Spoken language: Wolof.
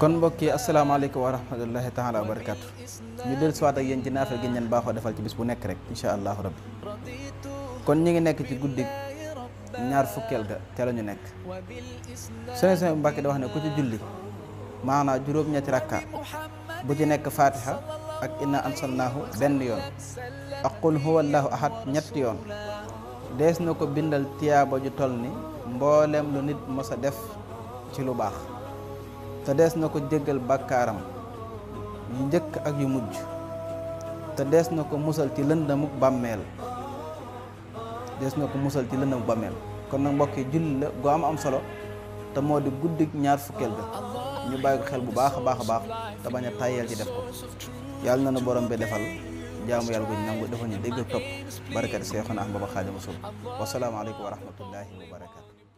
kon mbokk yi asalaamaaleykum wa rahmatullahi taala wa barakaatu ñu del siwaat ak yéen ci naafila gi ñeen baaxoo defal ci bis bu nekk rek incha allahu rabbi kon ñi ngi nekk ci guddi ñaar fukkeel ga te la ñu nekk sene sene bu Mbàkke da wax ne ku ci julli maanaam juróom-ñetti rakka bu ci nekk fatiha ak inna ansalnaahu benn yoon ak qul huwa allahu ahad ñetti yoon dees na ko bindal tiyaaba ju toll ni mbooleem lu nit mos def ci lu baax te dees na ko jéggal bàkkaaram yu njëkk ak yu mujj te dees na ko musal ci lëndamuk bàmmeel dees na ko musal ci lëndamuk bàmmeel kon nag mbokk yi julli la gu am am solo te moo di guddik ñaar fukkeel ga ñu bàyyi ko xel bu baax a baax a baax te bañ a tàyyeel ci def ko yàlla na nu borom bi defal jaamu yàlla gu ñu nangu dafa ñu dégg topp barkat Seexuna Ahmadu Bamba Xaadimu Rasuul wasalaamaaleykum wa rahmatullahi wa barakatu